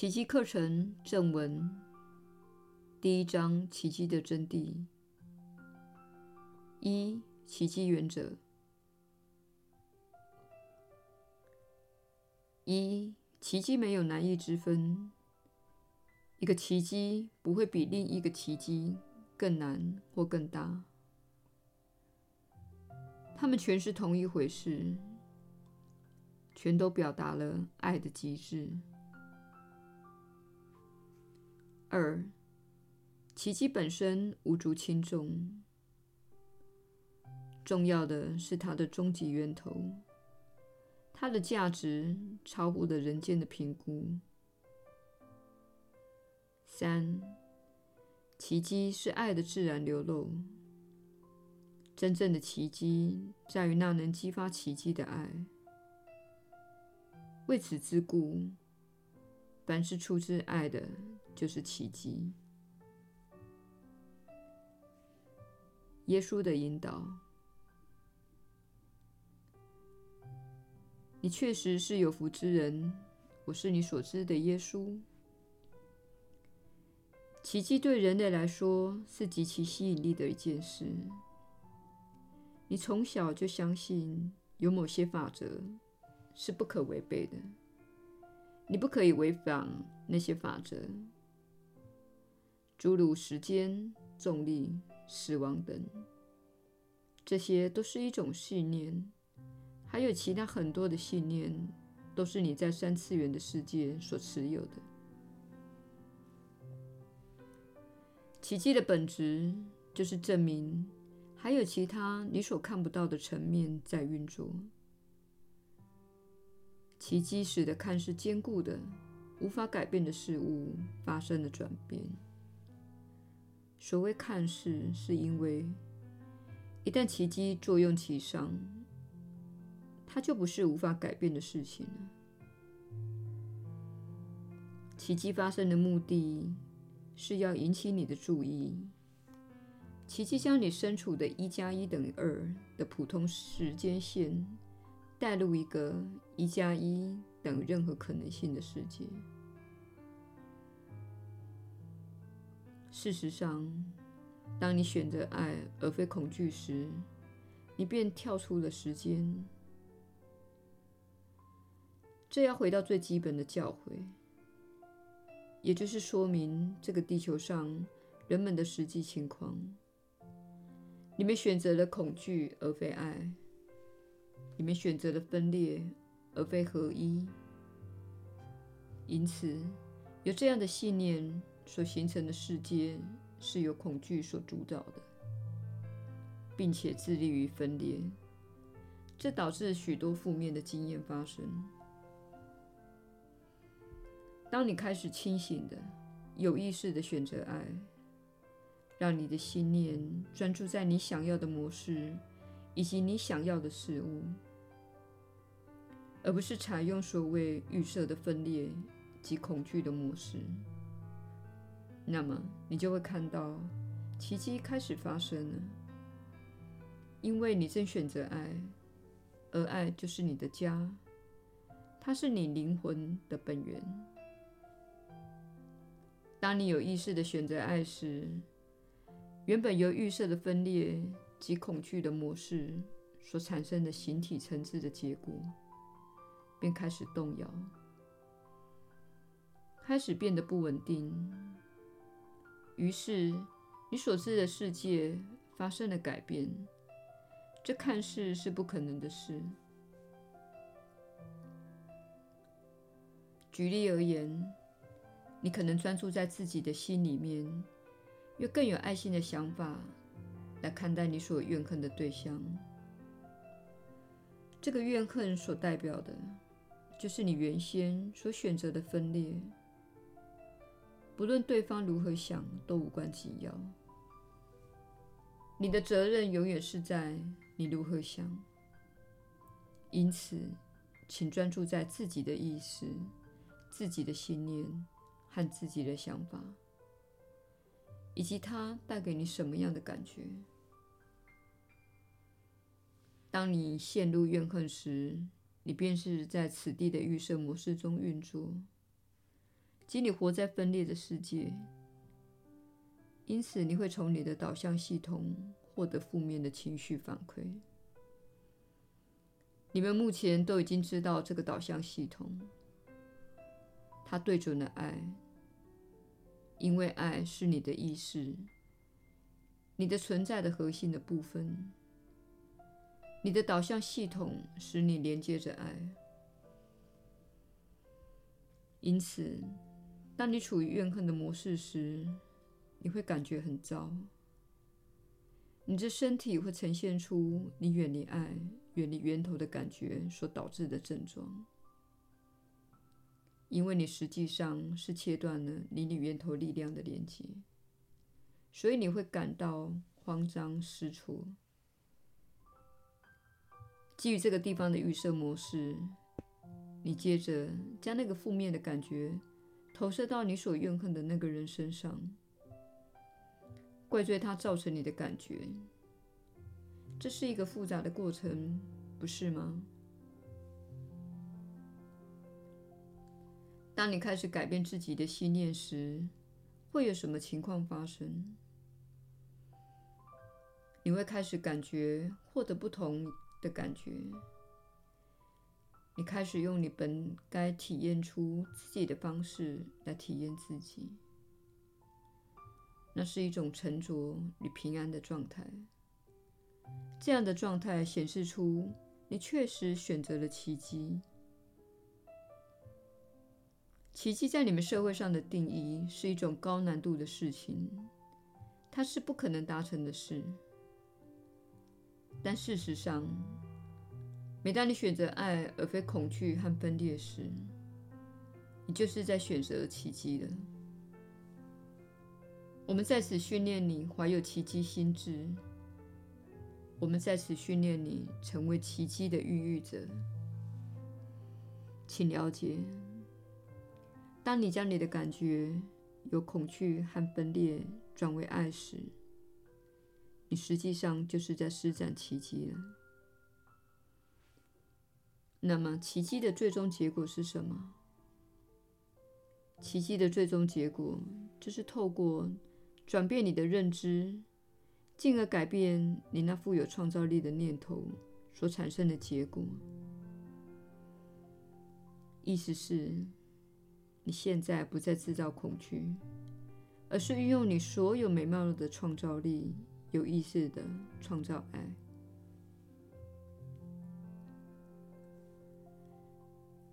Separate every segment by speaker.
Speaker 1: 奇蹟課程正文第一章：奇蹟的真諦。一、奇蹟原則。一、奇蹟沒有難易之分。一個奇蹟不會比另一個奇蹟更難或更大。它們全是同一回事，全都表達了愛的極致。二、奇蹟本身無足輕重，重要的是它的終極源頭，它的價值超乎了人間的評估。三、奇蹟是愛的自然流露，真正的奇蹟在於那能激發奇蹟的愛。為此之故。凡是出自愛的，就是奇蹟。耶穌的引導，你確實是有福之人。我是你所知的耶穌。奇蹟對人類來說是極其吸引力的一件事。你從小就相信有某些法則是不可違背的。你不可以違反那些法則，諸如時間、重力、死亡等，這些都是一種信念。還有其他很多的信念，都是你在三次元的世界所持有的。奇蹟的本質就是證明，還有其他你所看不到的層面在運作。奇蹟使得看似堅固的、無法改變的事物發生了轉變。所謂“看似”，是因為一旦奇蹟作用其上，它就不是無法改變的事情了。奇蹟發生的目的是要引起你的注意。奇蹟將你身處的一加一等於二的普通時間線，帶入一個一加一等於任何可能性的世界。事實上，當你選擇愛而非恐懼時，你便跳出了時間。這要回到最基本的教誨，也就是說明這個地球上人們的實際情況：你們選擇了恐懼而非愛。你們選擇了分裂而非合一，因此由這樣的信念所形成的世界是由恐懼所主導的，並且致力於分裂，這導致許多負面的經驗發生。當你開始清醒的、有意識的選擇愛，讓你的心念專注在你想要的模式以及你想要的事物。而不是採用所謂預設的分裂及恐懼的模式，那麼你就會看到奇蹟開始發生了，因為你正選擇愛，而愛就是你的家，它是你靈魂的本源。當你有意識地選擇愛時，原本由預設的分裂及恐懼的模式所產生的形體層次的結果。便開始動搖，開始變得不穩定。於是，你所知的世界發生了改變。這看似是不可能的事。舉例而言，你可能專注在自己的心裡面，用更有愛心的想法來看待你所怨恨的對象。這個怨恨所代表的。就是你原先所選擇的分裂，不論對方如何想，都無關緊要。你的責任永遠是在你如何想。因此，請專注在自己的意識、自己的信念和自己的想法，以及它帶給你什麼樣的感覺。當你陷入怨恨時，你便是在此地的預設模式中運作，即你活在分裂的世界，因此你會從你的導向系統獲得負面的情緒反饋。你們目前都已經知道這個導向系統，它對準了愛，因為愛是你的意識，你的存在的核心的部分。你的導向系統使你連接着愛，因此，當你處於怨恨的模式時，你會感覺很糟。你的身體會呈現出你遠離愛、遠離源頭的感覺所導致的症狀，因為你實際上是切斷了你與源頭力量的連接，所以你會感到慌張失措。基於這個地方的預設模式，你接着將那個負面的感覺投射到你所怨恨的那個人身上，怪罪他造成你的感覺。這是一個複雜的過程，不是嗎？當你開始改變自己的信念時，會有什麼情況發生？你會開始感覺獲得不同的感覺，你開始用你本該體驗出自己的方式來體驗自己，那是一種沉着與平安的狀態。這樣的狀態顯示出你確實選擇了奇蹟。奇蹟在你們社會上的定義是一種高難度的事情，它是不可能達成的事。但事實上，每當你選擇愛而非恐懼和分裂時，你就是在選擇奇蹟了。我們在此訓練你懷有奇蹟心志。我們在此訓練你成為奇蹟的孕育者。請了解，當你將你的感覺由恐懼和分裂轉為愛時，你實際上就是在施展奇蹟了。那麼，奇蹟的最終結果是什麼？奇蹟的最終結果就是透過轉變你的認知，進而改變你那富有創造力的念頭所產生的結果。意思是，你現在不再製造恐懼，而是運用你所有美妙的創造力。有意識的創造愛。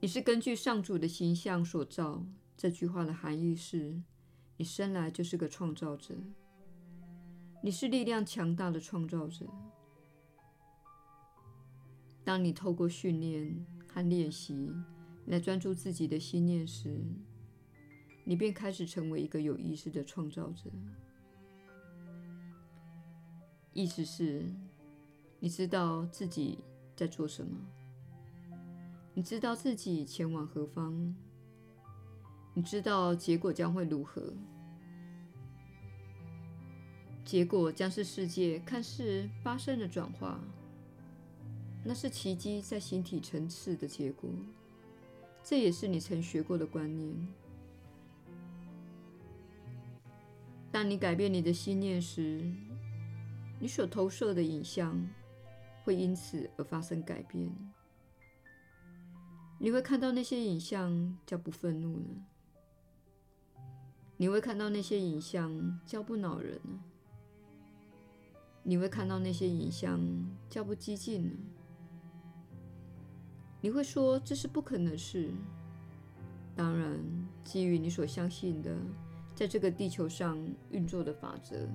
Speaker 1: 你是根據上主的形象所造。這句話的含義是，你生來就是個創造者，你是力量強大的創造者。當你透過訓練和練習來專注自己的心念時，你便開始成為一個有意識的創造者。意思是，你知道自己在做什麼，你知道自己前往何方，你知道結果將會如何。結果將是世界看似發生了轉化，那是奇蹟在形體層次的結果。這也是你曾學過的觀念。當你改變你的信念時。你所投射的影像會因此而發生改變。你會看到那些影像叫不憤怒呢？你會看到那些影像叫不惱人呢？你會看到那些影像叫不激進呢？你會說，這是不可能的事。當然，基於你所相信的，在這個地球上運作的法則。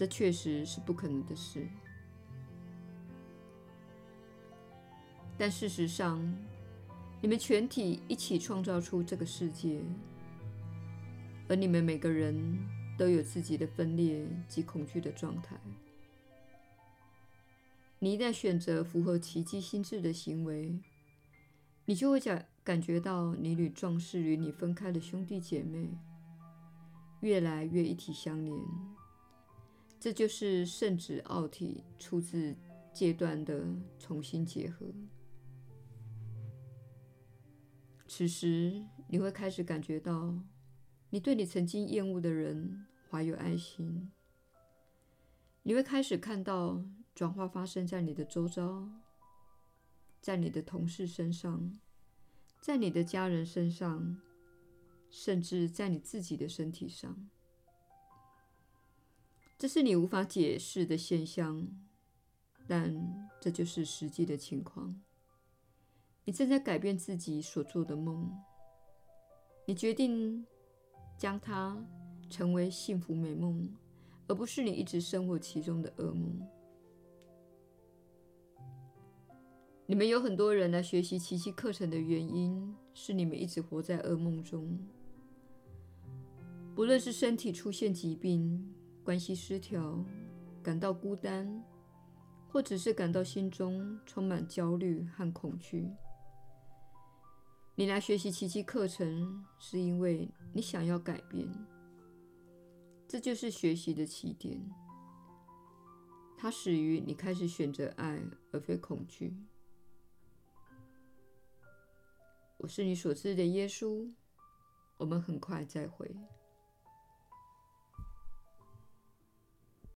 Speaker 1: 這確實是不可能的事，但事實上，你們全體一起創造出這個世界，而你們每個人都有自己的分裂及恐懼的狀態。你一旦選擇符合奇蹟心智的行為，你就會感感覺到你與看似與你分開的兄弟姐妹越來越一體相連。這就是聖子奧體出自階段的重新結合。此時，你會開始感覺到，你對你曾經厭惡的人懷有愛心。你會開始看到轉化發生在你的周遭，在你的同事身上，在你的家人身上，甚至在你自己的身體上。這是你無法解釋的現象，但這就是實際的情況。你正在改變自己所做的夢，你決定將它成為幸福美夢，而不是你一直生活其中的噩夢。你們有很多人來學習奇蹟課程的原因，是你們一直活在噩夢中，不論是身體出現疾病，關係失調，感到孤單，或只是感到心中充滿焦慮和恐懼。你來學習奇蹟課程，是因為你想要改變。這就是學習的起點，它始於你開始選擇愛而非恐懼。我是你所知的耶穌。我們很快再會。